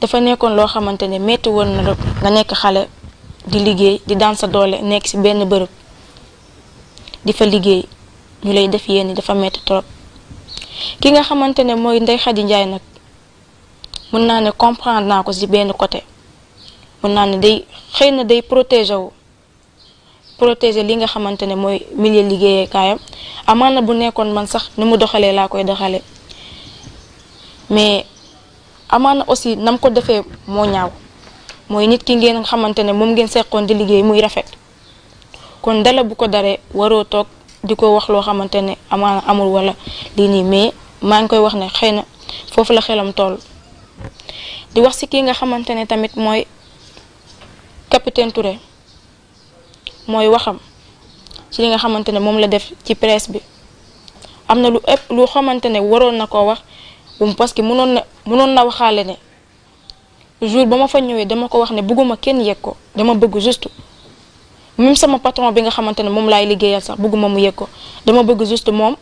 dafa nekkoon loo xamante ne métti woon na rek nga nekk xale di liggéey di daan sa doole nekk ci benn bërëb di fa liggéey ñu lay def yéen dafa métti trop ki nga xamante ne mooy Ndeye Khady nag mën naa ne comprendre naa ko ci benn côté mën naa ne day xëy na day protéger wu protéger li nga xamante ne mooy milieu liggéeykaayam na bu nekkoon man sax ni mu doxalee laa koy doxalee mais. amaana aussi nam ko defee moo ñaaw mooy nit ki ngeen xamante ne moom ngeen seqoon di liggéey muy rafet kon dala bu ko daree waroo toog di ko wax loo xamante ne amaana amul wala lii nii mais maa ngi koy wax ne xëy na foofu la xelam toll di wax si kii nga xamante ne tamit mooy capitaine Touré mooy waxam ci li nga xamante ne moom la def ci presse bi am na lu ëpp lu xamante ne waroon na ko wax bu um, parce que mënoon na mënoon na waxaale ne jour ba ma fa ñëwee dama ko wax ne bëgguma kenn yegg ko dama bëgg juste même sama patron bi nga xamante ne moom laay liggéeyal sax bëgguma mu yegg ko dama bëgg juste moom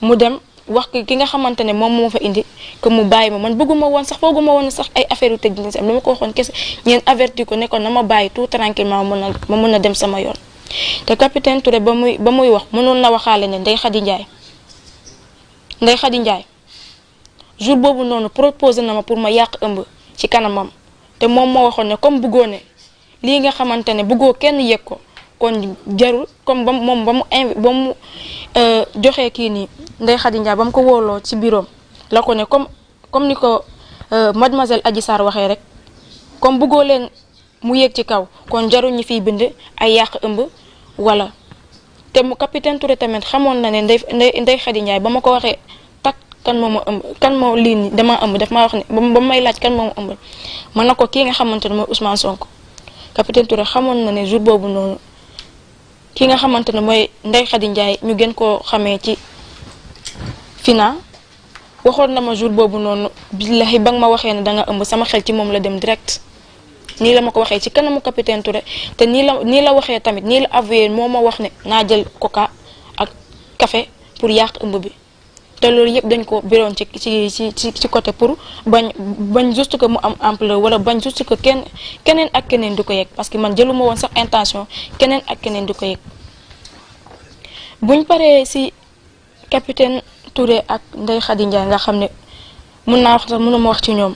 mu dem wax ki nga xamante ne moom moo fa indi que mu bàyyi ma man bëgguma woon sax fooguma woon sax ay affaire yu technique am ko waxoon kese ñeen averti ko ne ko na ma bàyyi tout tranquillement ma mën a ma mën a dem sama yoon te capitaine Touré ba muy ba muy wax mënoon na waxaale ne Ndeye Khady Ndiaye Ndeye Khady Ndiaye jour boobu noonu proposé na ma pour ma yàq ëmb ci kanamam te moom moo waxoon ne comme buggoone lii nga xamante ne bëggoo kenn yëg ko kon jarul comme ba moom ba mu in ba mu euh, kii nii Ndeye Khady ba mu ko wóoloo ci biroom la ne comme comme ni ko euh, mademoiselle aji Sarr waxee rek comme bëggoo leen mu yéeg ci kaw kon jarul ñu fi bind ay yàq ëmb wala te mu capitaine Touré tamit xamoon na ne Ndeye Ndeye Khady Ndiaye ba ma ko waxee. kan moom ma ëmb kan moo lii nii dama ëmb daf ma wax ne ba may laaj kan moo ma ëmb man na ko kii nga xamante ne mooy Ousmane Sonko capitaine xamoon na ne jour boobu noonu ki nga xamante ne mooy Ndeye Khady ñu gën koo xamee ci Fina waxoon na ma jour boobu noonu billahi ba nga ma waxee ne danga ëmb sama xel ci moom la dem direct nii la ma ko waxee ci kanamu capitaine Touré te nii la nii la waxee tamit nii la avoué moo ma wax ne naa jël coca ak kafe pour yàq ëmb bi. te loolu yëpp dañ ko biroon ci ci ci ci ci côté pour bañ bañ juste ko mu am ampleur wala bañ juste ko kenn keneen ak keneen di ko yegg parce que man jëluma woon sax intention keneen ak keneen di ko yegg buñ paree si capitaine Touré ak Ndeye Khady Ndiaye nga xam ne mun naa wax sax mënuma wax ci ñoom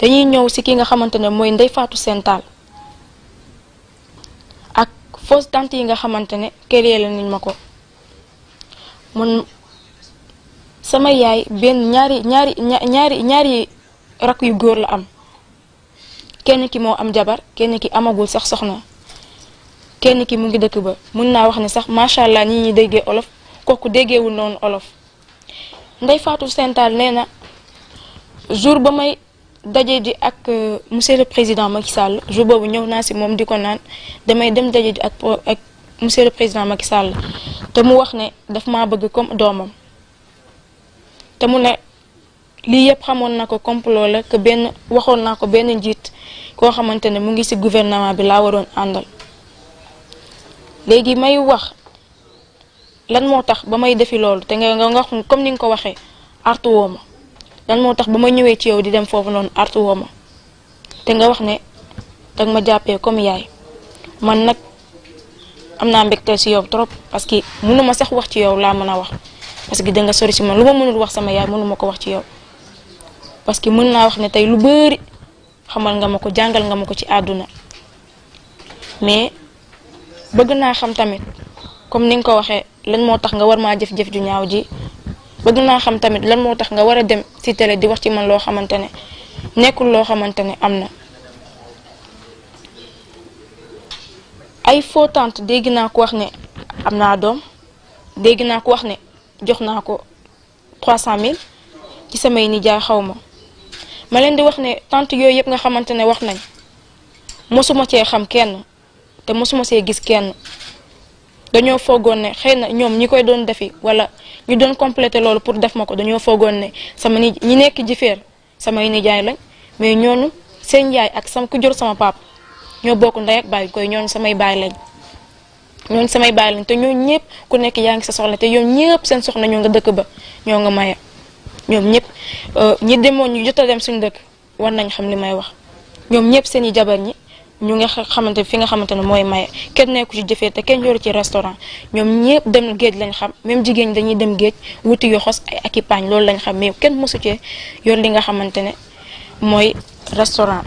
dañuy ñëw si ki nga xamante ne mooy ndey faatu Sène Tall ak fausse tante yi nga xamante ne kër la nañ ma ko mun sama yaay benn ñaari ñaari ñaari ñaari yu góor la am kenn ki moo am jabar kenn ki amagul sax soxna kenn ki mu ngi dëkk ba mun naa wax ne sax macha allah ñi ñuy déggee olof kooku déggewul noonu olof Ndeye Fatou Sentaal nee na jour ba may daje ji ak euh, monsieur le président Macky Sall jour boobu ñëw naa si moom di ko naan damay dem daje ji ak ak monsieur le président Macky Sall te mu wax ne dafa ma bëgg comme doomam te mu ne lii yëpp xamoon na ko complot la que benn waxoon naa ko benn njiit koo xamante ne mu ngi ci gouvernement bi laa waroon àndal léegi may wax lan moo tax ba may defi loolu te nga nga comme ni nga ko waxee artu moo tax ba ma ñëwee ci yow di dem foofu noonu artu woo ma te nga wax ne danga ma jàppee comme yaay man nag am naa mbégte ci yow trop parce que ma sax wax ci yow laa mën a wax parce que da nga sori si man lu ma mënul wax sama yaay mënu ma ko wax ci yow parce que mën naa wax ne tey lu bari xamal nga ma ko jàngal nga ma ko ci àdduna mais bëgg naa xam tamit comme ni nga ko waxee lan moo tax nga war maa jëf-jëf ju ñaaw ji bëgg naa xam tamit lan moo tax nga war a dem si télé di wax ci man loo xamante ne nekkul loo xamante ne am na ay faux tante dégg naa ko wax ne am naa doom dégg naa ko wax ne jox naa ko cent mille ci samay nijaay xaw ma ma leen di wax ne tant yooyu yëpp nga xamante ne wax nañ mosuma cee xam kenn te mosuma see gis kenn dañoo foogoon ne xëy na ñoom ñi koy doon defi wala ñu doon complété loolu pour def ma ko dañoo foogoon ne sama ni ñi nekk jifeer samay nijaay lañ mais ñoonu seen yaay ak sama ku jur sama pap ñoo bokk ndey ak baay koy ñoonu samay baay lañ. ñooñu samay bàyyi lañ te ñooñu ñëpp ku nekk yaa ngi sa soxla te ñoom ñëpp seen soxna ñoo nga dëkk ba ñoo nga maye ñoom ñëpp euh, ñi demoon ñu jot a dem suñu dëkk war nañ xam li may wax ñoom ñëpp seen i jabar ñi ñu nga xamante fi nga xamante ne mooy maye kenn nekku ci jëfee te kenn yoru ci restaurant ñoom ñëpp dem géej lañ xam même jigéen ñi dañuy dem géej wuti yoxos ay akipaañ loolu lañ xam mais kenn mosu cee yor li nga xamante ne mooy restaurant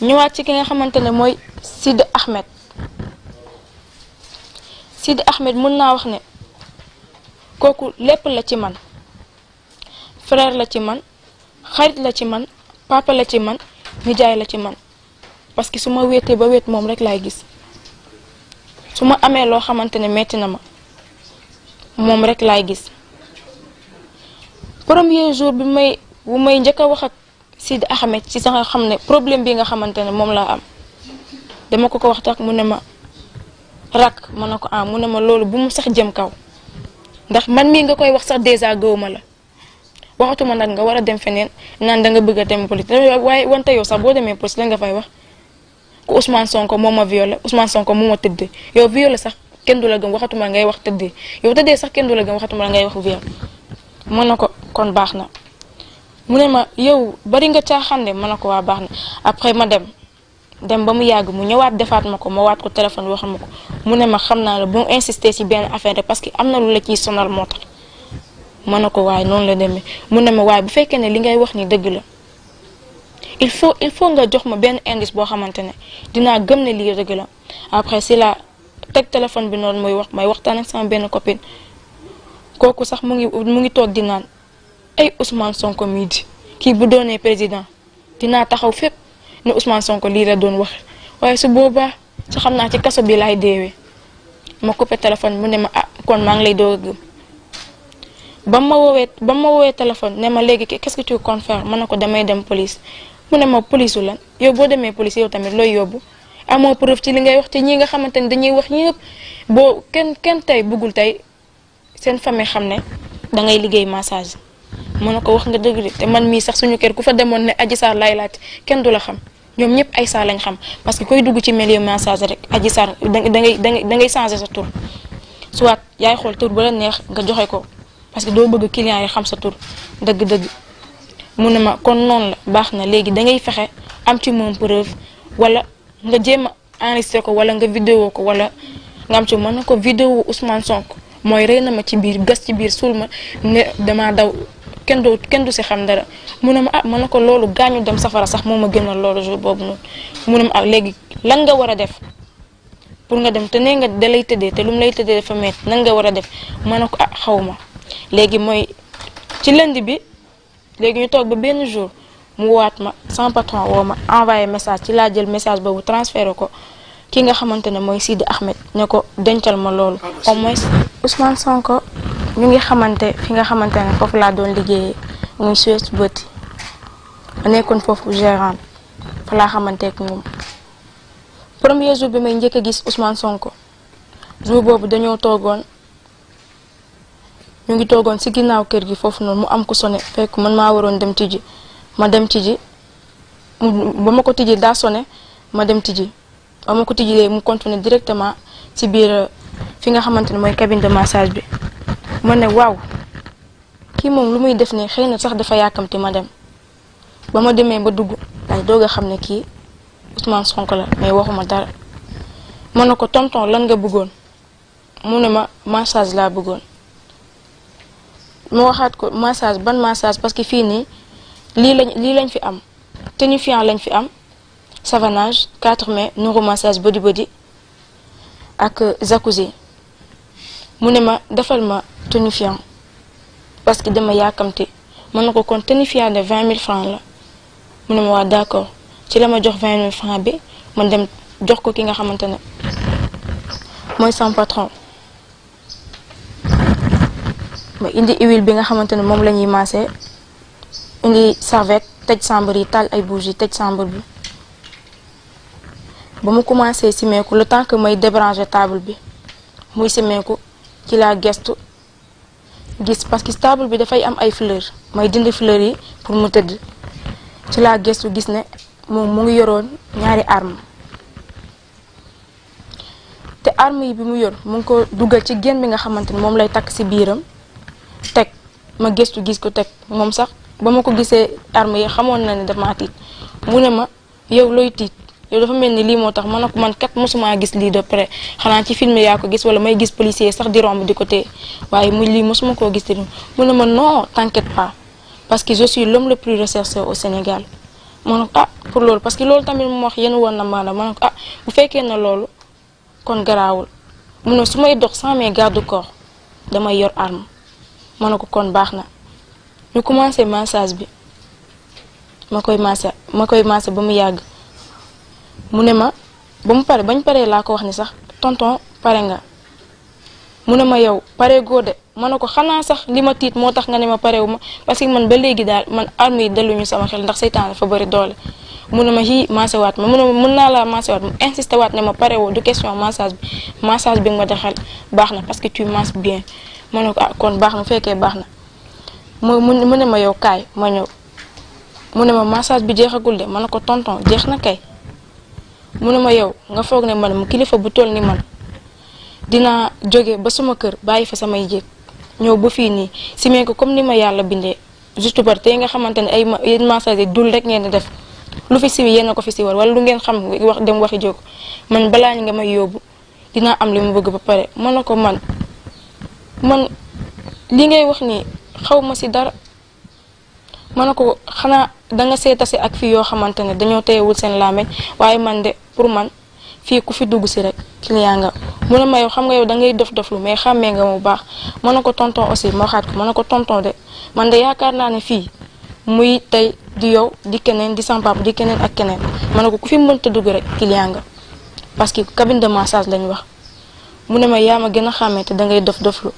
ñëwaat ci ki nga xamante mooy Sidi Ahmed Sidi Ahmed mën naa wax ne kooku lépp la ci man frère la ci man xarit la ci man papa la ci man nijaay la ci man parce que su ma wéetee ba wet moom rek laay gis su ma amee loo xamante ne metti na ma moom rek laay gis premier jour bi may bu may njëkk a wax ak Sidi Ahmed ci sa nga xam ne problème bi nga xamante ne moom laa am dama ko ko waxtaan ak mu ne ma rak ma ne ko ah mu ne ma loolu bu mu sax jëm kaw ndax man mii nga koy wax sax dèjà gëwuma la waxatuma nag nga war a dem feneen naan da nga bëgg a dem police waaye wante yow sax boo demee police la nga fay wax ku Ousmane sonk moom ma violé Ousmane Sonko moo ma tëddee yow violé sax kenn du la gëm waxatuma ngay wax tëddee yow tëddee sax kenn du la gëm waxatuma ngay wax viol mën na ko kon baax na mu ne ma yow bari nga caaxaan de mën na ko waa baax na après ma dem. dem ba mu yàgg mu ñëwaat defaat ma ko ma waat ko téléphone waxuma ko mu ne ma xam naa la bu mu insister ci benn affaire rek parce que am na lu la ciy sonal moo tax ma ne ko waaye noonu la demee mu ne ma waaye bu fekkee ne li ngay wax ni dëgg la il faut il faut nga jox ma benn indice boo xamante ne dinaa gëm ne lii dëgg la après si la teg téléphone bi noonu mooy wax mooy waxtaan ak sama benn copine kooku sax mu ngi mu ngi toog di naan ay Ousmane Sonko kii bu doonee président dinaa taxaw fépp. ne Ousmane sonk lii la doon wax waaye su boobaa su xam naa ci kaso bi laay deewee ma coupé téléphone mu ne ma ah kon maa ngi lay doog a ba ma woowee ba ma woowee téléphone ne ma léegi qu'est-ce que tu comptes faire ma ne ko dem police mu ne ma police la yow boo demee police yow tamit looy yóbbu amoo preuve ci li ngay wax te ñi nga xamante ni dañuy wax ñëpp boo kenn kenn tey bëggul tey seen famille xam ne da ngay liggéey massage. mën na ko wax nga dëgg de te man mii sax suñu kër ku fa demoon ne Adji Sarr laay kenn du la xam ñoom ñëpp ay saa lañ xam parce que koy dugg ci milieu message rek aji sar da dangay da ngay changé sa tur soit yaay xool tur ba la neex nga joxe ko parce que doo bëgg client yi xam sa tur dëgg-dëgg mu ne ma kon noon la baax na léegi da ngay fexe am ci moom preuve wala nga jéem a enregistré ko wala nga vidéo ko wala nga am ci mën na ko vidéo Ousmane Sonko mooy rey na ma ci biir gas ci biir suul ma ne damaa daw kenn du kenn du si xam dara mu ne ma ah mën na ko loolu gaañu dem safara sax moo ma gënal loolu jour boobu noonu mu ne ma ah, léegi lan nga war a def pour nga dem te nee nga da lay te lu lay tëddee dafa metti nan nga war a def ma ne ko ah xaw ma léegi mooy ci lënd bi léegi ñu toog ba benn jour mu waat ma sans patron woo ma envoyé message ci laa jël message boobu transféré ko ki nga xamante ne mooy Sidi Ahmed ne ko dencal ma loolu au moins Ousmane Sonko ñu ngi xamante fi nga xamante ne foofu laa doon liggéeyee muy Suez Beauty ma nekkoon foofu gérant fa laa xamanteek moom premier jour bi may njëkk a gis Ousmane Sonko jour boobu dañoo toogoon ñu ngi toogoon si ginnaaw kër gi foofu noonu mu am ku sone fekk man maa waroon dem tijji ma dem tijji ba ma ko tijji daa sone ma dem tijji ba ma ko tijji léegi mu continuer directement ci biir fi nga xamante ne mooy cabine de massage bi man ne waaw kii moom lu muy def nii xëy na sax dafa yàkkamti ma dem ba ma demee ba dugg laay doog a xam ne kii Ousmane sonk la mais waxuma dara mën na ko tonton lan nga bëggoon mu ne ma massage laa bëggoon ma waxaat ko massage ban massage parce que fii nii lii lañ lii lañ fi am tonifiant lañ fi am savonnage 4 mai neuro massage body body ak jacuzzi mu ne ma defal ma tonifiant parce que dama yàkkamti mën na ko kon tonifiant de vingt mille francs la mu ne ma waa d'accord ci la ma jox vingt mille francs bi man dem jox ko ki nga xamante ne mooy sama patron ma indi huile bi nga xamante ne moom lañuy ñuy maasee indi serviette tëj chambre yi taal ay bougies tëj chambre bi ba mu commencé simeeku le temps que may débrancher table bi muy simeeku ci laa gestu gis parce que stable bi dafay am ay fleur may dindi fleur yi pour mu tëdd ci laa gestu gis ne moom mu ngi yoroon ñaari arme te arme yi bi mu yor mu ngi ko dugal ci génn bi nga xamante ne moom lay takk si biiram teg ma gestu gis ko teg moom sax ba ma ko gisee arme yi xamoon na ne dama tiit mu ne ma yow looy tiit yow dafa mel ni lii moo tax man ko man kat mosuma gis lii de près xanaa ci film yaa ko gis wala may gis policier sax di romb di ko waaye muy lii mosuma koo gis tamit mu ne ma non t'inquiète pas parce que je suis l'homme le plus recherché au Sénégal ma ne ko ah pour loolu parce que loolu tamit mu wax woon na maanaam ma ne ko ah, bu fekkee na loolu kon garaawul mu ne su may dox sans mes garde corps yor arme ma ne ko kon baax na ñu commencé massage bi ma koy massé ma koy massé ba mu yàgg. mu ne ma ba mu paree ba ñu paree laa ko wax ni sax tonton pare nga mu ne ma yow pare goo de ma ne ko xanaa sax li ma tiit moo tax nga ne ma pare wu ma parce que man ba léegi daal man armes yi delluñu sama xel ndax seytaan dafa bëri doole. mu ne ma hi maasewaat ma mu ne ma mën naa laa maasewaat mu insisté waat ne ma pare woo du question massage bi massage bi nga ma defal baax na parce que tu masses bien ma ne ko ah kon baax na fekkee baax na mu mu ne ma yow kaay ma ñëw mu ne ma massage bi jeexagul de ma na ko tonton jeex na kay. mu ne ma yow nga foog ne man kilifa bu toll ni man dinaa jóge ba suma kër bàyyi fa samay jéeg ñëw ba fii nii simee ko comme ni ma yàlla bindee juste par tey nga xamante ne ay yéen messager dul rek ngeen di def lu fi siwi yéen a ko fi siwal wala lu ngeen xam wax dem waxi jóg man balaa ñu nga may yóbbu dinaa am li mu bëgg ba pare mën na ko man man li ngay wax ni xaw ma si dara man ne ko xanaa danga si ak fii yoo xamante ne dañoo teewul seen làmmiñ waaye man de pour man fii ku fi dugg si rek client nga mu ne ma xam nga yow da ngay dof doflu mais xàmmee nga mu baax ma ne ko tonton aussi ma waxaat ko ko tonton de man de yaakaar naa ne fii muy tey di yow di keneen di sampaab di keneen ak keneen ma ne ko ku fi mënta dugg rek client nga parce que cabine de massage lañ wax mu ne ma yaa ma gën a xàmmee te da ngay dof doflu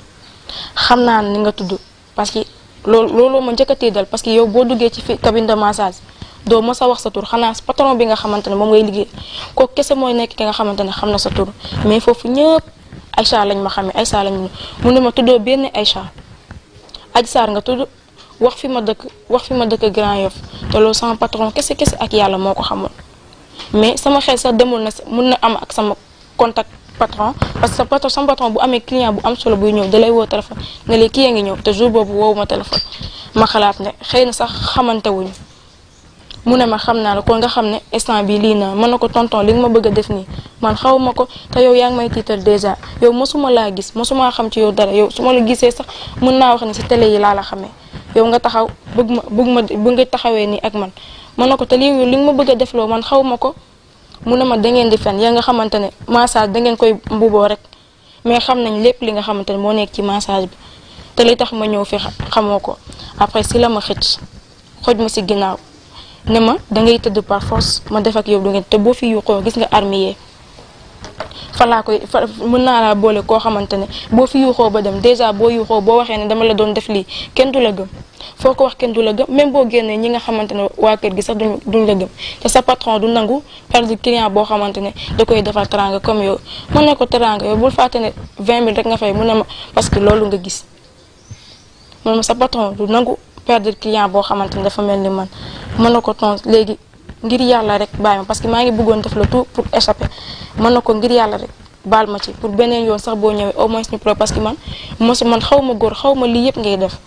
xam naa ni nga tudd parce loolu loolu ma njëkk a tiital parce que yow boo duggee ci fi cabine de doo mos sa wax sa tur xanaa patron bi nga xamante ne moom ngay liggéey kooku kese mooy nekk ki nga xamante ne xam na sa tur mais foofu ñëpp Aïcha lañ ma xamee Aïcha lañ ma mu ne ma tuddoo benn ay Aïcha Adji Sarr nga tudd wax fi ma dëkk wax fi ma dëkk Grand Yoff te loolu sama patron kese kese ak yàlla moo ko xamoon mais sama xel sax demul na sa mun na am ak sama contact. patron parce que patron sama patron bu amee client bu am solo buy ñëw da lay woo téléphone nga léegi kii a ngi ñëw te jour boobu woowu ma téléphone ma xalaat ne xëy na sax xamante wuñu mu ne ma xam naa la ko nga xam ne instant bi lii naa mën na ko tonton li nga ma bëgg a def nii man xawuma ko te yow yaa ngi may tiital dèjà yow mosuma laa gis mosuma xam ci yow dara yow su ma la gisee sax mën naa wax ne si télé laa la xamee yow nga taxaw bëgg ma bëgg ma bëgg nga taxawee nii ak man mën na ko te lii li nga ma bëgg a defloo man xaw ma ko mun ne ma dangeen di fen ya nga xamante ne massage dangeen koy mbuboo rek mais xam nañ lépp li nga xamante ne moo nekk ci massage bi te li tax ma ñëw fi xamoo ko après si la ma xëcc xoj ma si ginnaaw ne ma dangay tëdd par force ma def ak yow du ngeen te boo fi yuuxoo gis nga armier fa laa koy fa mën naa laa boole koo xamante ne boo fi yuuxoo ba dem dèjà boo yuuxoo boo waxee ne dama la doon def lii kenn du la gëm foo ko wax kenn du la gëm même boo ñi nga xamante ne waa kër gi sax duñ duñ la gëm sa patron du nangu perdre client boo xamante ne da koy defal teranga comme yow mën ne ko teranga yow bul fàtte ne 20 000 nga fay mu ne ma parce que loolu nga gis sa patron du nangu perdre boo xamante ne dafa mel ni man mën na ko ton léegi ngir yàlla rek bàyyi ma parce que maa ngi bëggoon def la tout pour échapper mën na ko ngir yàlla rek baal ma ci pour beneen yoon sax boo ñëwee au moins ñu pro parce que man xaw ma góor xaw lii yëpp ngay def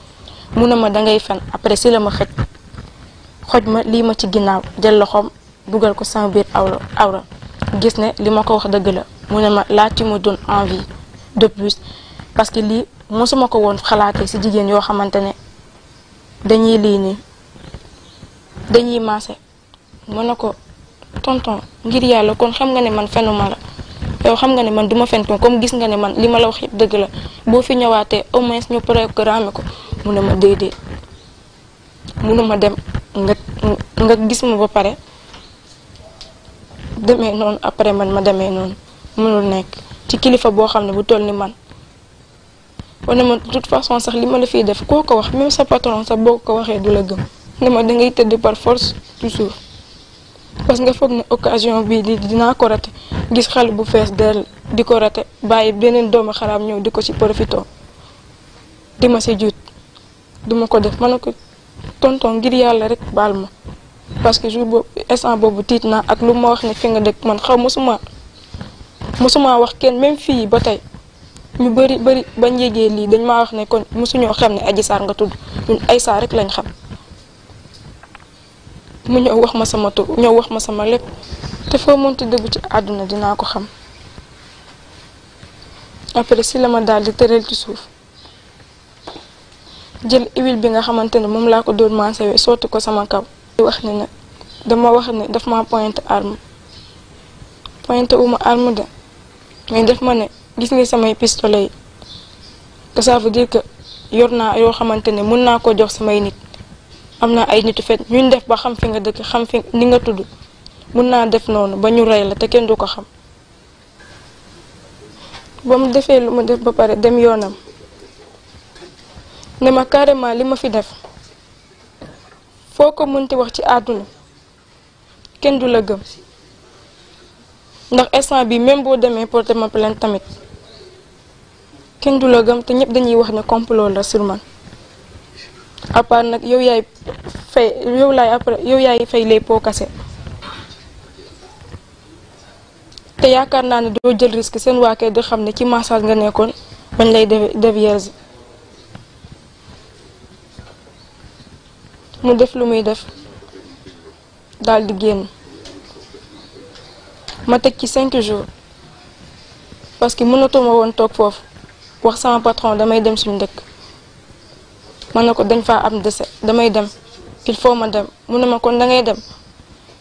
mu ne ma dangay fen après si ma xëj ma lii ma ci ginnaaw jël loxoom dugal ko sama biir awra awra gis ne li ma ko wax dëgg la mu ma laa ci ma donne envie de parce que lii mosuma ko woon xalaatee si jigéen yoo xamante ne dañuy lii nii dañuy maase mën na ko tonton ngir yàlla kon xam nga ne man fenuma la yow xam nga ne man duma fen kon comme gis nga ne man li ma la wax yëpp dëgg la boo fi ñëwaatee au moins ñu programme ko mu ne ma déedéet mënuma dem nga nga gis ma ba pare demee noonu après man ma demee noonu mënul nekk ci kilifa boo xam ne bu toll ni man wane ma de toute façon sax li ma la fiy def koo ko wax même sa patron sax boo ko waxee du la gëm ne ma dangay tëdd par force toujours parce nga foog ne occasion bii di dinaa ko rate gis xale bu fees dell di ko rate bàyyi beneen doomu xaraam ñëw di ko ci profito di ma ci juut duma ko def ma ne ko tonton ngir yàlla rek bal ma parce que jour boobu instant boobu tiit naa ak lu ma wax ne fi nga dëkk man xaw mosuma mosuma wax kenn même fii ba tey ñu bëri bëri bañ yégee lii dañ ma wax ne kon mosuñoo xam ne Adji Sarr nga tudd ñun ay Sarr rek lañ xam mu ñëw wax ma sama tur ñëw wax ma sama lépp te foo mënti dugg ci àdduna dinaa ko xam après si la ma daal di tëral ci suuf jël huile bi nga xamante ne moom laa ko doon maasewee sotti ko sama kaw. di wax ne nag dama wax ne daf ma pointe arme pointe wu arme de mais daf ma ne gis nga samay pistolet yi que ça veut que yor naa yoo xamante ne mën naa ko jox samay nit. am na ay nitu fet ñuy def ba xam fi nga dëkk xam fi ni nga tudd mun naa def noonu ba ñu rey la te kenn du ko xam ba mu defee lu mu def ba pare dem yoonam ne ma carrément li ma fi def foo ko mënti wax ci àdduna kenn du la gëm ndax instant bi même boo demee porter ma plainte tamit kenn du la gëm te ñëpp dañuy wax ne complot la sur à nag yow yaay fay yow laay après yow yaay fay les pots cassés te yaakaar naa ne doo jël risque seen waa kër xam ne ci massage nga nekkoon bañ lay dévierge mu def lu muy def daal di génn ma teg ci cinq jours parce que mënatuma woon toog foofu wax sama patron damay dem suñu dëkk man na ko dañ fa am dese damay dem il faut ma dem mu ne ma kon dangay dem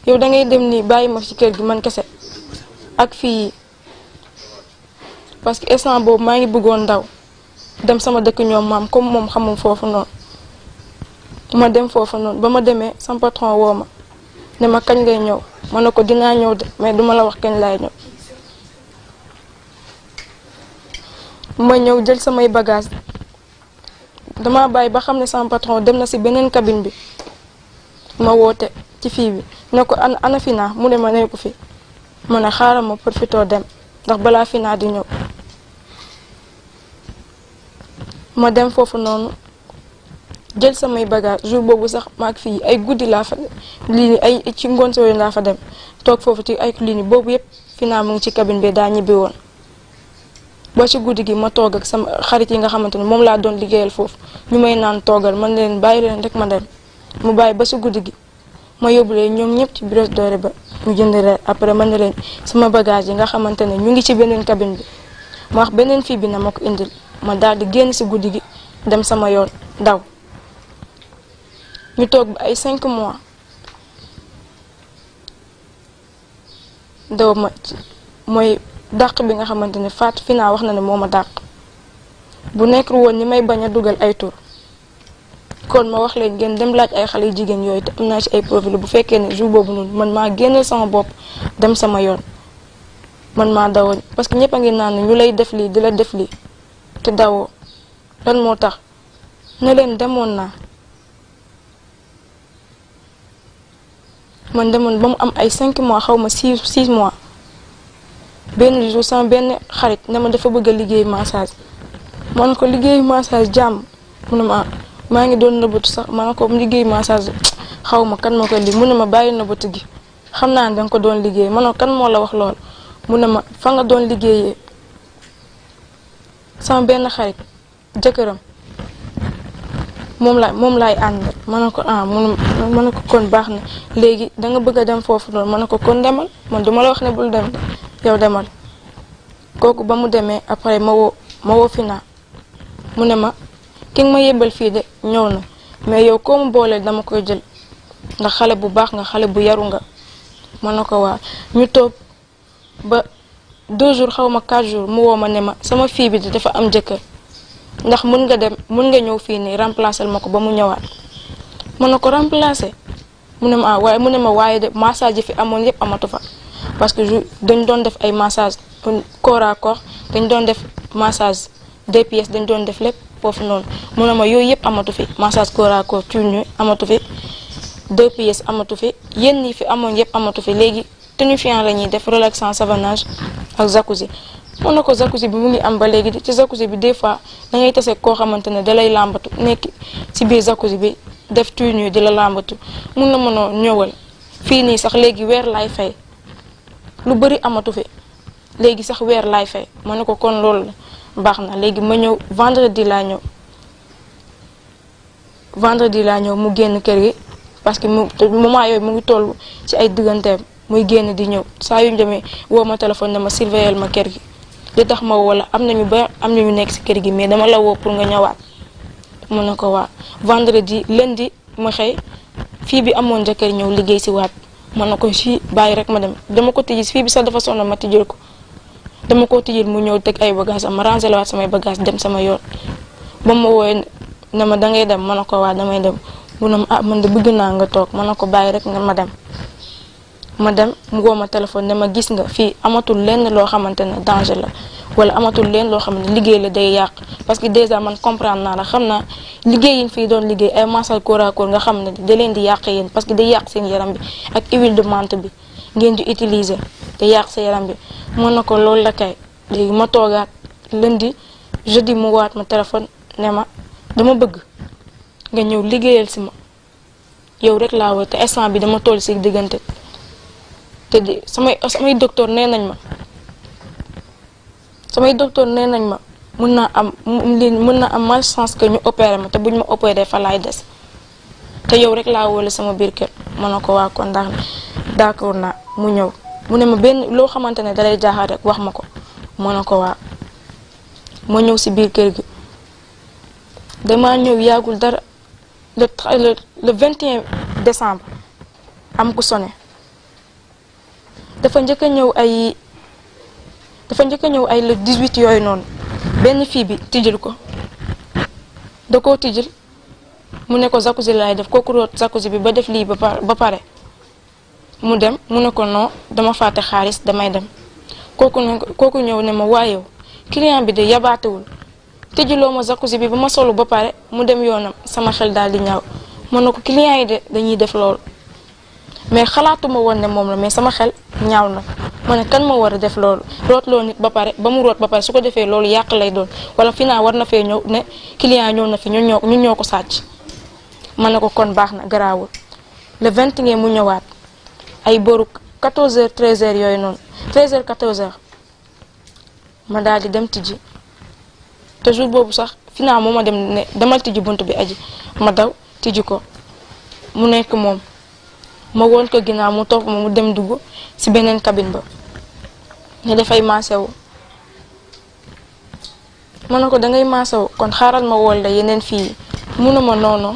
yow da ngay dem nii bàyyi ma ci kër gi man kese ak fii parce que instant boobu maa ngi bëggoon ndaw dem sama dëkk ñoom maam comme moom xamul foofu noonu ma dem foofu noonu ba ma demee sama patron woo ma ne ma kañ ngay ñëw ma ne ko dinaa ñëw de mais duma la wax kañ laay ñëw ma ñëw jël samay bagage dama bàyyi ba xam ne sama patron dem na si beneen cabine bi ma woote ci fii bi ne ko ana ana Fina mu ne ma ne ko fi mu ne xaaral ma profitoo dem ndax balaa Fina di ñëw ma dem foofu noonu jël samay bagage jour boobu sax maak ak fii ay guddi laa fa lii ay ci ngoon sooy laa fa dem toog foofu ci ay clinique boobu yëpp Fina mu ngi ci cabine bi daa ñibbi woon ba ci guddi gi ma toog ak sama xarit yi nga xamante ni moom laa doon liggéeyal foofu ñu may naan toogal man leen bàyyi leen rek ma dem mu bàyyi ba ci guddi gi ma yóbbulee ñoom ñëpp ci Brioche Dorée ba ñu jënd reer après man sama bagage yi nga xamante ne ñu ngi ci beneen cabine ma wax beneen fii bi na ma ko indil ma daal di génn ci guddi gi dem sama yoon daw ñu toog ba ay cinq mois daw ma mooy. dàq bi nga xamante ne Fatou naa wax na ne moom a dàq bu nekk woon ni may bañ a dugal ay tur kon ma wax leen ngeen dem laaj ay xale jigéen yooyu te am naa ci ay profil bu fekkee ne jour boobu noonu man maa génneel sama bopp dem sama yoon man maa dawoon parce que ñëpp a ngi naan ñu lay def lii di la def lii te dawoo lan moo tax ne leen demoon naa man demoon ba mu am ay 5 mois xaw ma 6 6 mois. benn jour sama benn xarit ne ma dafa bëgg a liggéey massage man ko liggéey massage jàmm mu ne ah, maa ngi doon nëbbatu sax ma ne ko liggéey massage xaw ma kan moo koy li mu ma bàyyi nëbbatu gi xam naa ne danga ko doon liggéey ma ne kan moo la wax lool mu ne ma fa nga doon liggéey sama benn xarit jëkkëram moom la moom laay ànd ma ne ko ah ma ne ko kon baax na léegi danga bëgg a dem foofu noonu ma ne ko kon demal man duma la wax ne bul dem yow demal kooku ba mu demee après ma woo ma woo fi naa mu ne ma ki nga ma yebal fii de ñëw na mais yow koo mu booleel dama koy jël nga xale bu baax nga xale bu yaru nga ma ne ko waa ñu toog ba deux jours xaw ma quatre jours mu ma ne ma sama fii bi de dafa am jëkkër ndax mun nga dem mun nga ñëw fii nii remplacer ma ko ba mu ñëwaat ma ne ko remplacer mu ne ma ah, waaye mu ne ma waaye de massage yi fi amoon yépp amatu fa parce que dañ doon def ay massage corps à corps dañ doon def massage deux pièces doon def lépp foofu noonu mu ne ma yooyu yëpp amatu fi massage corps à corps cuuñ amatu fi deux pièces amatu fi yéen yi fi amoon yëpp amatu fi léegi tonifiant la ñuy def relaxant savonnage ak jacuzzi mun na ko jacuzzi bi mu ngi am ba léegi ci jacuzzi bi des fois da ngay tase koo xamante ne lay làmbatu nekk ci biir jacuzzi bi def tuuti di la làmbatu mun na mënoo ñëwal fii nii sax léegi weer laay fay lu bari amatu fi léegi sax weer laay fay ma ne ko kon loolu la baax na léegi ma ñëw vendredi laa ñëw vendredi laa ñëw mu génn kër gi parce que mu moment yooyu mu ngi toll ci ay digganteem muy génn di ñëw saa yu ñu demee woo ma téléphone dama surveiller ma kër gi li tax ma woo la am nañu ba am nañu nekk si kër gi mais dama la woo pour nga ñëwaat mun na ko waa vendredi lundi ma xëy fii bi amoon jëkkër ñëw liggéey si waat man na ko si bàyyi rek ma dem dama ko tijji fii bi sax dafa sonn ma tijjal ko dama ko tijjal mu ñëw teg ay bagages am ma la waat samay bagages dem sama yoon ba ma woowee ne ma da ngay dem man ne ko waa damay dem mu ne ma ah man de bëgg naa nga toog ma na ko bàyyi rek nga ma dem. ma dem mu woo ma téléphone ne ma gis nga fii amatul lenn loo xamante ne danger la. wala amatul leen loo xam ne liggéey la day yàq parce que déjà man comprendre naa la xam naa liggéey yi fii doon liggéey ay massage corps à nga xam ne da leen di yàq yéen que day yàq seen yaram ak huile de menthe bi ngeen di utiliser te yàq sa yaram bi na ko loolu la kay léegi ma toogaat lundi jeudi mu waat ma téléphone ne ma dama bëgg nga ñëw liggéeyal si ma yow rek laa wër te instant bi dama toll si diggante te di samay samay docteur nee nañ ma samay docteur nee nañ ma mun naa am mun na am malchance que ñu opéré ma te buñ ma opéré fa laay des te yow rek laa wóolu sama biir kër ma ne ko waa kon ndax d'accord naa mu ñëw mu ne ma benn loo xamante ne dalay jaaxal rek wax ma ko ma ne ko waa ma ñëw si biir kër gi dama ñëw yàggul dara le le 21 décembre am ku sone dafa njëkk ñëw ay dafa njëkk a ñëw ay le 18 yooyu noonu benn fii bi tijjil ko da koo tijjil mu ne ko jacuzzi laay def kooku root jacuzzi bi ba def lii ba pare mu dem mu ne ko non dama fàtte xaalis damay dem kooku ne kooku ñëw ne ma waayew client bi de yabaatewul tijjiloo ma jacuzzi bi ba ma solu ba pare mu dem yoonam sama xel daal di ñaaw mën na ko client yi de dañuy def loolu mais xalaatuma woon ne moom la mais sama xel ñaaw na ma ne kan moo war a def loolu root loo nit ba pare ba mu root ba pare su ko defee loolu yàq lay doon wala fi war na fee ñëw ne client ñëw na fi ñun ñoo ñun ñoo ko sàcc ma ne ko kon baax na garaawul le vingt ngeen mu ñëwaat ay boru 14 heures 13 yooyu noonu 13 heures 14 heures ma daal di dem tijji te jour boobu sax final moo ma dem ne demal tijji bunt bi aji ma daw tijji ko mu nekk moom ma woon ko ginnaaw mu topp ma mu dem dugg ci beneen cabine ba ne dafay maasewu mën ne ko dangay maasewu kon xaaral ma wool la yeneen fii mun ne ma noonu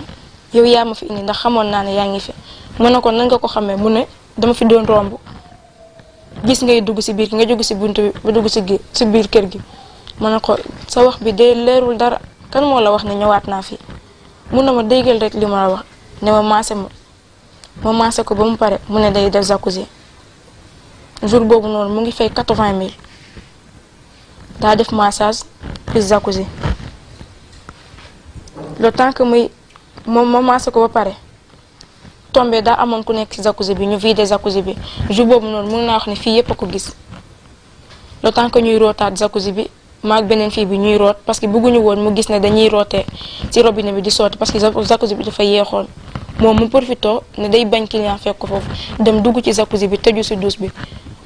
yow yaa ma fi indi ndax xamoon naa ne yaa ngi fi mën ne ko nanga nga ko xamee mu ne dama fi doon romb gis ngay dugg ci biir ki nga jóg ci bunt bi ba dugg ci biir kër gi mën ne ko sa wax bi dee leerul dara kan moo la wax ne ñëwaat naa fi mun na ma déggal rek li ma la wax ne ma maase ma ma maase ko ba mu pare mu ne day def jacuzzi jour boobu noonu mu ngi fay quatre-vingt mille daa def massage plus jacuzzi le temps que muy moom ma maase ko ba pare tombé daa amoon ku nekk ci jacuzzi bi ñu vidé jacuzzi bi jour boobu noonu mun naa wax ne fii yëpp a ko gis le temps que ñuy rootaat jacuzzi bi maag beneen fii bi ñuy root parce que bëgguñu woon mu gis ne dañuy rootee ci robinet bi di sotti parce que jacuzzi bi dafa yeexoon moom mu profito ne day bañ client fekk ko foofu dem dugg ci jacuzzi bi tëju si duus bi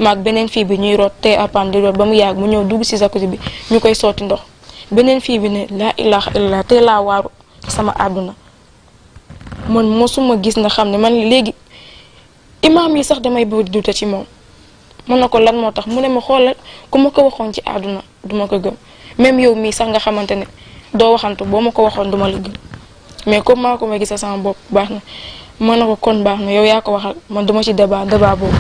maag beneen fii bi ñuy root te apam di root ba mu yàgg mu ñëw dugg si jacuzzi bi ñu koy sotti ndox beneen fii bi ne laa ilaha illallah te laa waaru sama àdduna mën mosuma gis na xam ne man léegi imaam yi sax damay bëgg duta ci moom mën na ko lan moo tax mu ne ma xoolal ku ma ko waxoon ci àdduna duma ko gëm même yow mii sax nga xamante ne doo waxantu boo ma ko waxoon duma la mais comme maa ko may gisal sama bopp baax na mën na ko kon baax na yow yaa ko waxal man duma ci débat débat boobu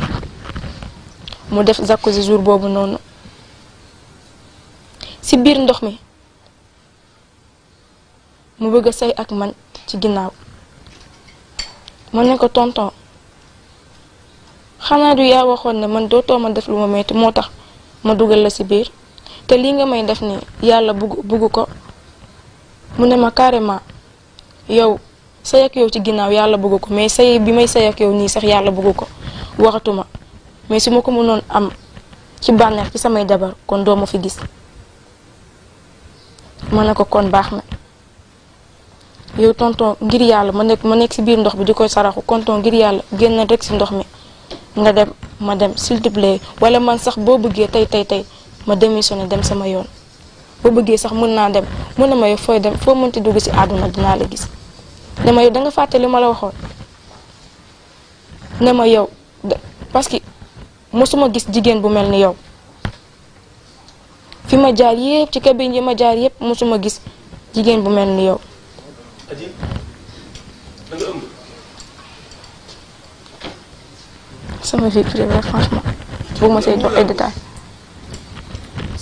mu def jacuzzi jour boobu noonu si biir ndox mi mu bëgg a say ak man ci ginnaaw man ne ko tonton xanaa du yaa waxoon ne man dootoo ma def lu ma metti moo tax ma dugal la si biir te lii nga may def ni yàlla bugg bugg ko mu ne ma carrément yow sëy yow ci ginnaaw yàlla bëgg ko mais sëy bi may sëy yow nii sax yàlla bëgg ko waxatuma mais su ma ko mënoon am ci bànneex ci samay jabar kon doo ma fi gis ma ne ko kon baax na yow tonton ngir yàlla ma nekk ma nekk si biir ndox bi di koy saraxu tonton ngir yàlla génn rek si ndox mi nga dem ma dem s'il te wala man sax boo bëggee tey tey tey ma démissionné dem sama yoon boo bëggee sax mën naa dem mën na ma yow fooy dem foo ti dugg si àdduna dinaa la gis ne ma yow da fàtte li ma la waxoon ne ma yow parce que mësuma gis jigéen bu mel ni yow fi ma jaar yëpp ci cabine yi ma jaar yëpp mosuma gis jigéen bu mel ni yow. sama vie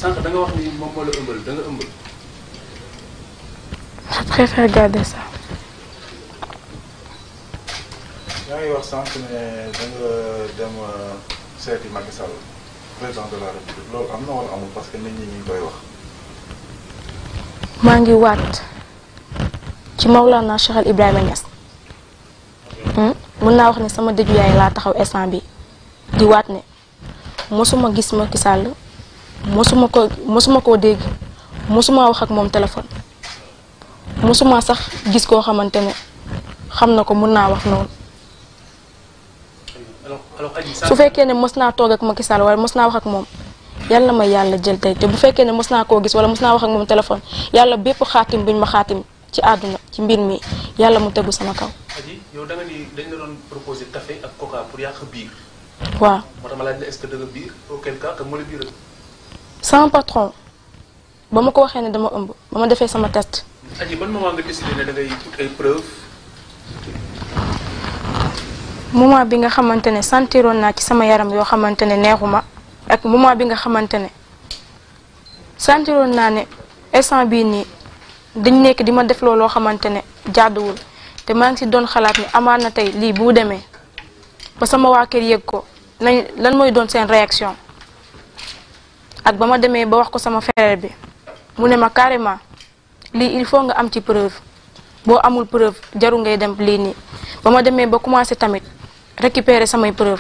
sànq da wax ni moom moo la ëmbal da ëmbal. je préfère garder ça. yaa ngi wax sànq ne da dem euh, seeti Macky Sall président de la République loolu am na wala amul parce que nit ñi ñu ngi koy wax. maa ngi waat ci Maulana Cheikh Ibrahima Niass mën hmm? naa wax ne sama dëju yaay laa taxaw instant bi di waat ne mosuma gis Macky Sall mosuma ko mosuma koo dégg mosuma wax ak moom téléphone mosuma sax gis koo xamante ne xam na ko mun naa wax noonu su fekkee ne mos naa toog ak Macky Sall wala mos naa wax ak moom yàlla ma yàlla jël bu fekkee ne mos naa koo gis wala mos wax ak moom téléphone yàlla bépp xaatim buñ ma xaatim ci àdduna ci mbir mi yàlla mu tegu sama kaw. Adji sama patron ba ma ko waxee ne dama ëmb ba ma defee sama test. Adji bi nga xamante ne sentiroon naa ci sama yaram yoo xamante ne neexuma ak moment bi nga xamante ne sentiroon naa ne instant bii nii dañ nekk di ma def looloo xamante ne jàdduwul te maa ngi si doon xalaat ni amaan na tey lii bu demee ba sama waa kër yëg ko nañ lan mooy doon seen réaction. ak ba ma demee ba wax ko sama frère bi mu ne ma carrément lii il faut nga am ci preuve boo amul preuve jaru ngay dem lii nii ba ma demee ba commencé tamit récupérer samay preuve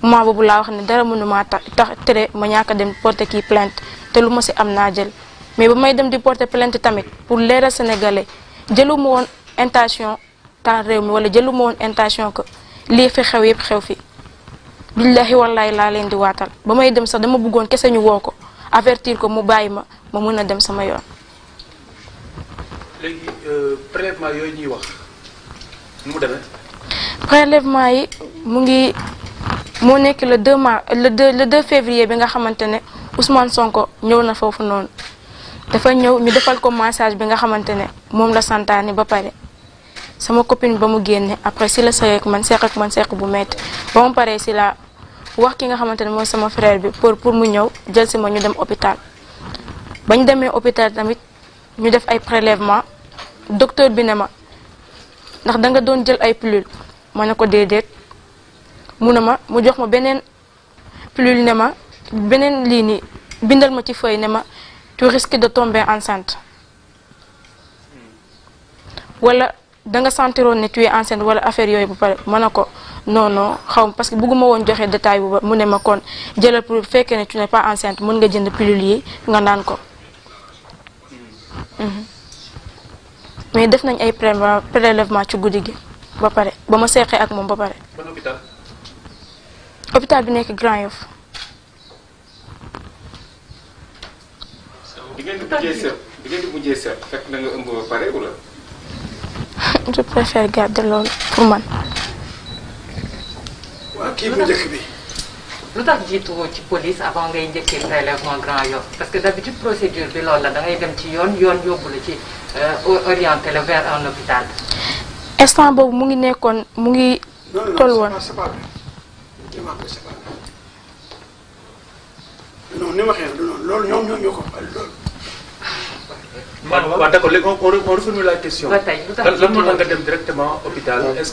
moment boobu laa wax ne dara mënumaa tax tax tere ma ñaaka dem porter kii plainte te lu ma si am naa jël mais ba may dem di porter plainte tamit pour leeral sénégalais jëlu ma woon intention tan réew mi wala jëlu ma woon intention que lii fi xew yëpp xew fi billahi wallahi laa leen di waatal ba may dem sax dama buggoon kese ñu woo ko avertir ko mu bàyyi ma ma mën a dem sama yoon. léegi euh, prélèvement yi mu ngi moo nekk le 2 mas le 2 le 2 février bi nga xamante ne Ousmane Sonko ñëw na foofu noonu dafa ñëw ñu defal ko massage bi nga xamante ne moom la santaane ba pare. sama copine ba mu génne après si la sëy ak man seq ak man seq bu metti ba mu paree si la wax ki nga xamante ne mooy sama frère bi pour pour mu ñëw jël si ma ñu dem hôpital bañ demee hôpital tamit ñu def ay prélèvement docteur bi ne ma ndax da nga doon jël ay pilule ma ne ko déedéet mu ne ma mu jox ma beneen pilule ne ma beneen lii nii bindal ma ci feuille ne ma tu risques de tomber enceinte wala da nga sentiroon ne tu es enceinte wala affaire yooyu bu pare mën na ko non non xaw parce que bëgguma woon joxe détail bu mu ne ma kon jëlal pour fekkee ne tu n'es pas enceinte mën nga jënd pilule yi nga naan ko. Mhm. mais def nañ ay prélèvement ci guddi gi ba pare ba ma seexee ak moom ba pare. ban bi nekk Grand Yoff. je préfère garder loolu pour man. bi. lu tax jiitu woo ci police avant ngay njëkkee prélèvement Grand Yoff parce que d'habitude procédure bi loolu da ngay dem ci yoon yoon yóbbu ci euh, orienté la un hôpital. instant boobu mu ngi nekkoon mu ngi. toll woon waaw waaw d'accord léegi dem directement hôpital est-ce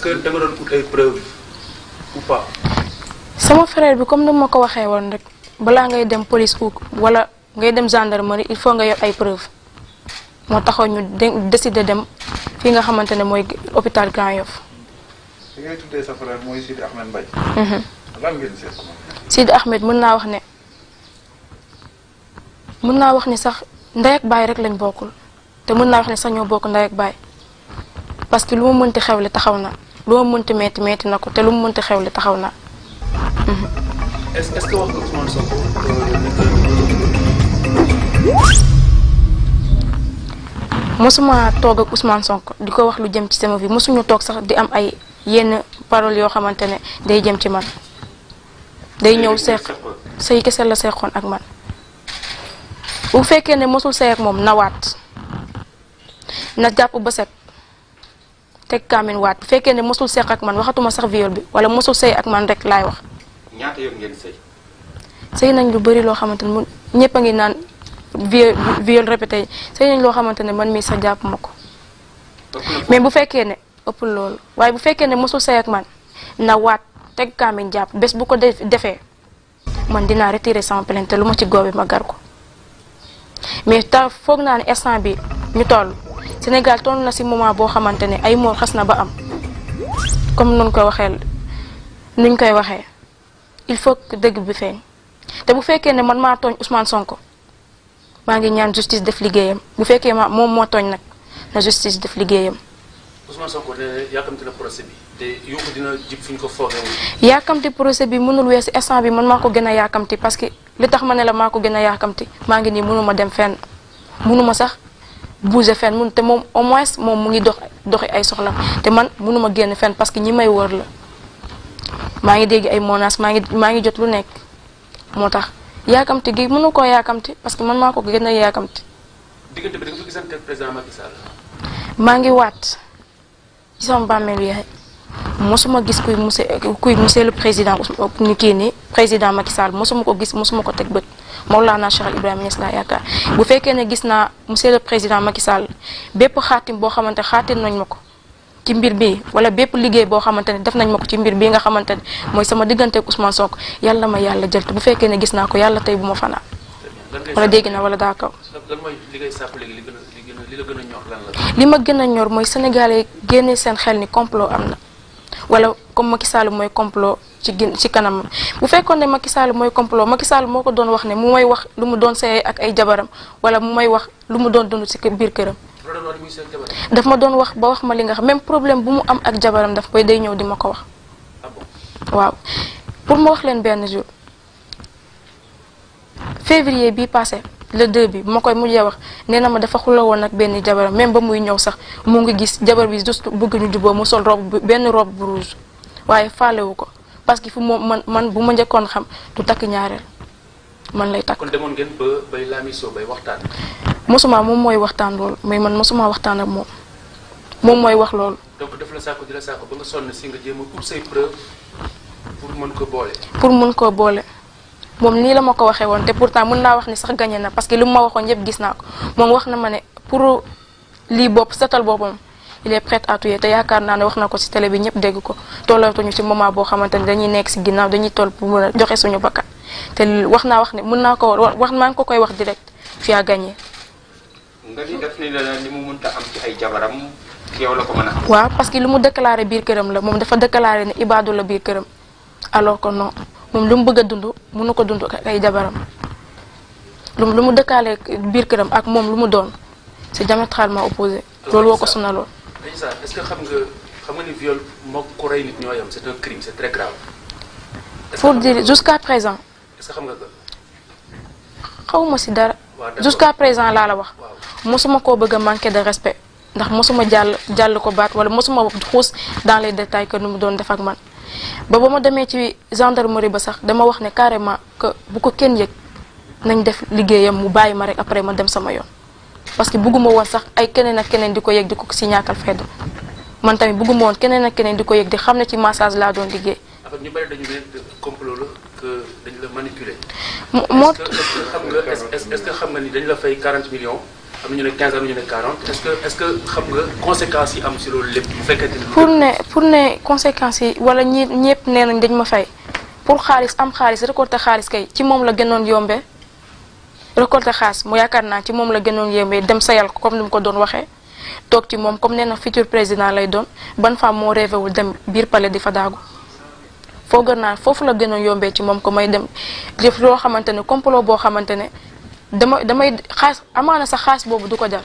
sama frère bi comme ni ma ko waxee woon rek balaa ngay dem police ou wala ngay dem gendarmerie il faut nga yor ay preuve moo taxoon ñu décider dem fii nga xamante ne mooy hôpital Grand Yoff. li Ahmed Mbaye. Mhm. mën naa wax ne mën naa wax ni sax ndey bàyyi rek lañ bokkul. te mën naa wax ne sax bokk ndey ak baay parce que lu ma mënti xewle taxaw na lu mënti metti metti na ko te lu ma mënti xewle taxaw na. est mosuma toog ak Ousmane Sonko di ko wax lu jëm ci sama vie mosuñu toog sax di am ay yenn parole yoo xamante ne day jëm ci man day ñëw seq say kese la seqoon ak man bu fekkee ne mosul sey ak moom nawaat. na jàpp ba teg kaamin waat bu fekkee ne mosul seq ak man waxatuma sax viol bi wala mosul sëy ak man rek laay wax. ñaata nañ lu bëri loo xamante ne mu ñëpp a ngi naan viol viol répété sëy nañ loo xamante ne man mii sax jàpp ma ko. mais bu fekkee ne ëpp loolu waaye bu fekkee ne mosul sëy ak man na waat teg kaamin jàpp bés bu ko defee man dinaa retirer sama plainte lu ma ci góobee ma gar ko mais ta foog naa ne bi ñu toll. Sénégal ton na si moment boo xamante ne ay mool xas na ba am comme nuñ koy waxee nuñ koy waxee il faut que dëgg bi feeñ te bu fekkee ne man maa tooñ Ousmane Sonko maa ngi ñaan justice def liggéeyam bu fekkee ma moom moo tooñ nag na def liggéeyam. Ousmane Sonko procès bi te yóbbu dina jib bi mënul weesu instant bi man maa ko gën a yàkkamti parce que li tax ma ne la maa ko gën a yàkkamti maa ngi nii mënuma dem fenn mënuma sax. bouger fenn mun te moom au moins moom mu ngi dox doxi ay soxla te man mënuma génn fenn parce que ñi may wër la maa ngi dégg ay menaces maa ngi maa ngi jot lu nekk moo tax yaakamti gi mënu koo yàkkamti parce que man maa ko gën a yaakamti. maa ngi waat ci sama bàmmeelu yaay. mosuma gis kuy monsieur kuy monsieur le président ni kii ni président Macky Sall mosuma ko gis mosuma ko teg bët Maulana Cheikh Ibrahima Niass laa yaakaar bu fekkee ne gis naa monsieur le président Macky Sall bépp xaatim boo xamante xaatim nañ ma ko ci mbir bi wala bépp liggéey boo xamante ne def nañ ma ko ci mbir bii nga xamante ne mooy sama diggante ak Ousmane Sonko yàlla ma yàlla jël te bu fekkee ne gis naa ko yàlla tey bu ma fanaan wala dégg na wala daa kaw li ma gën a ñor mooy sénégalais génne seen xel ni complot am na wala comme Macky Sall mooy complot ci gin ci kanam bu fekkoon ne Macky Sall mooy complot Macky Sall moo ko doon wax ne mu may wax lu mu doon seey ak ay jabaram wala mu may wax lu mu doon dund ci biir këram. daf ma doon wax ba wax ma li nga xam même problème bu mu am ak jabaram daf koy day ñëw di ma ko wax. Ah waaw pour ma wax leen benn jour février bii passé. le bi ma koy mujjee wax nee na ma dafa xuloo woon ak benn jabar même ba muy ñëw sax mu ngi gis jabar bi juste bëgg ñu juboo mu sol robe benn robe bu rouge waaye faalewu ko parce que fu moom man man bu ma njëkkoon xam du takk ñaareel man lay takk. kon demoon ngeen moom mooy waxtaan loolu mais man mosuma waxtaan ak moom moom mooy wax loolu. pour mën koo boole. moom nii la ma ko waxee woon te pourtant mun naa wax ni sax gagné na parce que li mu ma waxoon yëpp gis naa ko moom wax na ma ne pour lii bopp setal boppam il est prêt à tuer te yaakaar naa ne wax na ko ci télé bi ñëpp dégg ko tollatuñu ci moment boo xamante ni dañuy nekk ci ginnaaw dañuy toll pour mën a joxe suñu bakkan te wax naa wax ne mën naa ko wax maa ngi ko koy wax direct fi à gagné. waaw parce que lu mu déclaré biir këram la moom dafa déclaré ne ibaadu la biir këram alors que moom lu mu bëgg a dund na ko dund ak ay jabaram lu mu lu dëkkaale biir këram ak moom lu mu doon c'est diamétralement opposé loolu woo ko sonaloon. est-ce que xam nga xam nga ku rey nit ñoo yam c'est un crime c'est très grave. pour dire jusqu'à présent. est-ce que dara. jusqu'à présent laa la wax. mosuma koo bëgg a manquer de respect ndax mosuma jàll jàll ko baat wala mosuma xuus dans les détails que nu mu doon def ak man. ba ba ma demee ci gendarmerie ba sax dama wax ne carrément que bu ko kenn yëg nañ def liggéeyam mu bàyyi ma rek après ma dem sama yoon parce que bëgguma woon sax ay keneen ak keneen di ko yëg di ko si ñàkkal fayda man tamit bëgguma woon keneen ak keneen di ko yëg di xam ne ci massage laa doon liggéey. ñu bari dañu ne moo est-ce xam nga ni la fay 40 millions. am que est pour ne pour ne conséquences yi wala ñi ñëpp nee nañ dañ ma fay pour xaalis am xaalis récolter xaalis kay ci moom la gënoon yombee récolter xaalis mu yaakaar naa ci moom la gënoon yombee dem sayal ko comme ni mu ko doon waxee. toog ci moom comme nee na futur président lay doon ban femme moo rêvé wul dem biir palais di fa daagu foog naa foofu la gënoon yombee ci moom ko may dem def loo xamante ne complot boo xamante ne dama damay xaas amaana sa xaas boobu du ko jar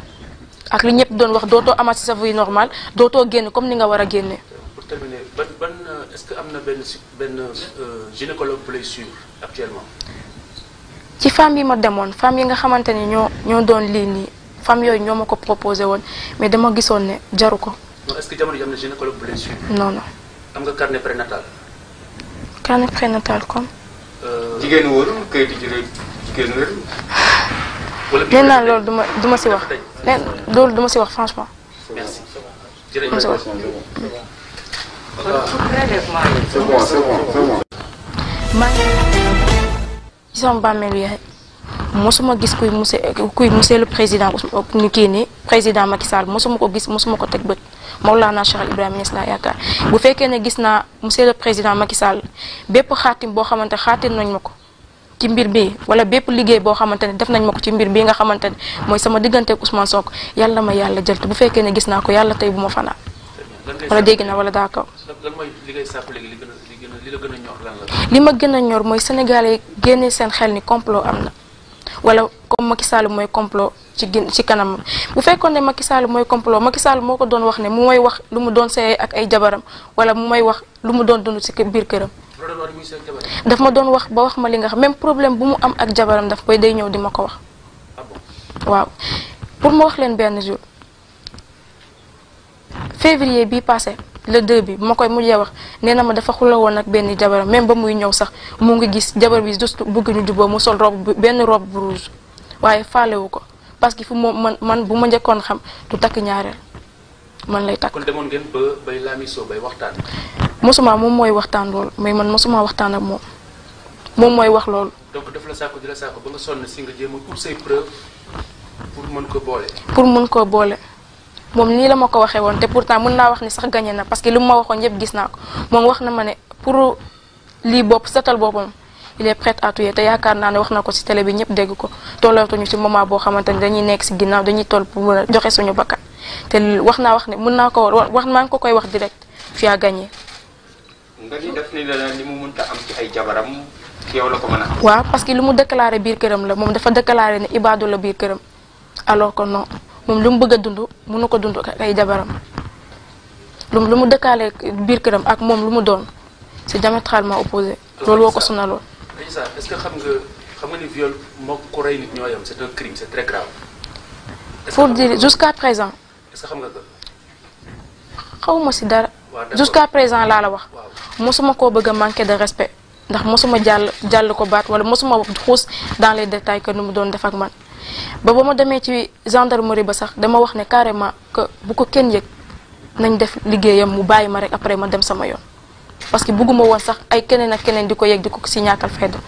ak li ñëpp doon wax dootoo amaat si sa vie dootoo génn comme ni nga war a génne. pour euh, ce que am na benn benn euh, gynécologue bu lay ci femme yi ma demoon femme yi nga xamante ni ñoo ñoo doon lii nii femme yooyu ñoo ma ko proposé woon mais dama gisoon ne jaru ko. non est-ce que jamono ji am na gynécologue bu lay suivre. non non. am nga carnet prénatal. carnet prénatal comme. Euh, nee naa duma duma si wax nee loolu si wax franchement. merci jërëjëf duma si wax. maa mosuma gis kuy monsieur kuy monsieur le président ñu kii ni président Macky Sall mosuma ko gis mosuma ko teg bët Maulana Cheikh Ibrahima Niass laa yaakaar bu fekkee ne gis naa monsieur le président Macky Sall bépp xaatim boo xamante xaatim nañ ma ko. ci mbir bi wala bépp liggéey boo xamante ne def nañ ma ko ci mbir bii nga xamante ne mooy sama diggante ak Ousmane Sonko yàlla ma yàlla jël te bu fekkee ne gis naa ko yàlla tey bu ma fanaan na wala daa kaw ma gën a ñor mooy sénégalais génne seen xel ni complot am na wala comme Macky Sall mooy complot ci gin ci kanam bu fekkoon ne makki Sall mooy complot Macky Sall moo ko doon wax ne mu may wax lu mu doon seey ak ay jabaram wala mu may wax lu mu doon dund ci biir këram dafa ma doon wax ba wax ma li nga xam même problème bu mu am ak jabaram daf koy day ñëw di ma ko wax ah waaw pour mu wax leen benn jour février bii passé le 2 bi ma koy mujjee wax nee ma dafa xula woon ak benn jabaram même ba muy ñëw sax mu ngi gis jabar bi juste bëgg ñu juboo mu sol robe benn robe bu rouge waaye faalewu ko parce que fu moom man man bu ma njëkkoon xam du takk ñaareel man lay takk. kon demoon mosuma moom mooy waxtaan loolu mais man mosuma waxtaan ak moom moom mooy wax loolu. donc la sàkku di la pour mën ko koo boole moom nii la ma ko waxee woon te pourtant mën naa wax ni sax gagné na parce que li mu ma waxoon yëpp gis naa ko moom wax na ma ne pour lii bopp setal boppam. il est prêt à tuer te yaakaar naa ne wax na ko ci télé bi ñëpp dégg ko tollootuñu ci moment boo xamante ni dañuy nekk ci ginnaaw dañuy toll pour mën joxe suñu bakkan te wax naa wax ne mën naa ko wax maa ngi ko koy wax direct fii li mu mënta am ci ay jabaram a am. waaw parce que lu mu déclaré biir këram la moom dafa déclaré ne ibaadu biir këram alors que non moom lu mu bëgg a dund mënu ko dund ak ay jabaram lu mu lu mu déclaré biir këram ak moom lu mu doon si diamétralement opposé. loolu woo ko sonaloon. Aïssa est-ce que xam nga xam nga ni viol jusqu'à présent. xawma ci dara. jusqu'à présent laa la wax mosuma koo bëgg a manquer de respect ndax mosuma jàll jàll ko baat wala mosuma xuus dans les détails que nu mu doon def ak man ba ba ma demee ci gendarmerie ba sax dama wax ne carrément que bu ko kenn yëg nañ def liggéeyam mu bàyyi ma rek après ma dem sama yoon parce que bugguma woon sax ay keneen ak keneen di ko yëg di ko si ñàkkal fayda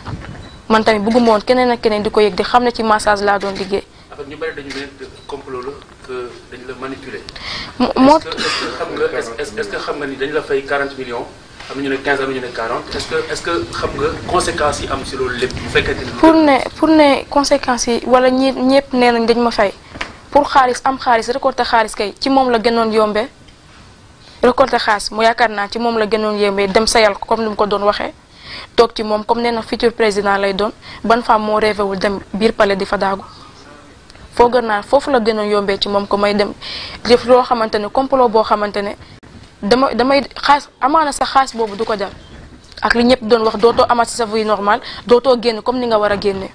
man tamit bëgguma woon keneen ak keneen di ko yëg di xam ne ci massage laa doon liggéey. ñu que dañ moo est-ce que xam nga ni dañ la fay 40 millions. am na ñu ne 15 que est yi am pour ne pour ne conséquences yi wala ñi ñëpp nee nañ dañ ma fay pour xaalis am xaalis récolter xaalis kay ci moom la gënoon yombee récolter xaalis mu yaakaar naa ci moom la gënoon yombee dem sayal ko comme ni mu ko doon waxee. toog ci moom comme nee na futur président lay doon ban femme moo rêvé wul dem biir palais di fa daagu. foogoon naa foofu la gënoon yombee ci moom ko may dem def loo xamante ne complot boo xamante ne dama damay xaas amaana sa xaas boobu du ko jar ak li ñëpp doon wax dootoo amaat sa vie normale dootoo génn comme ni nga war a génne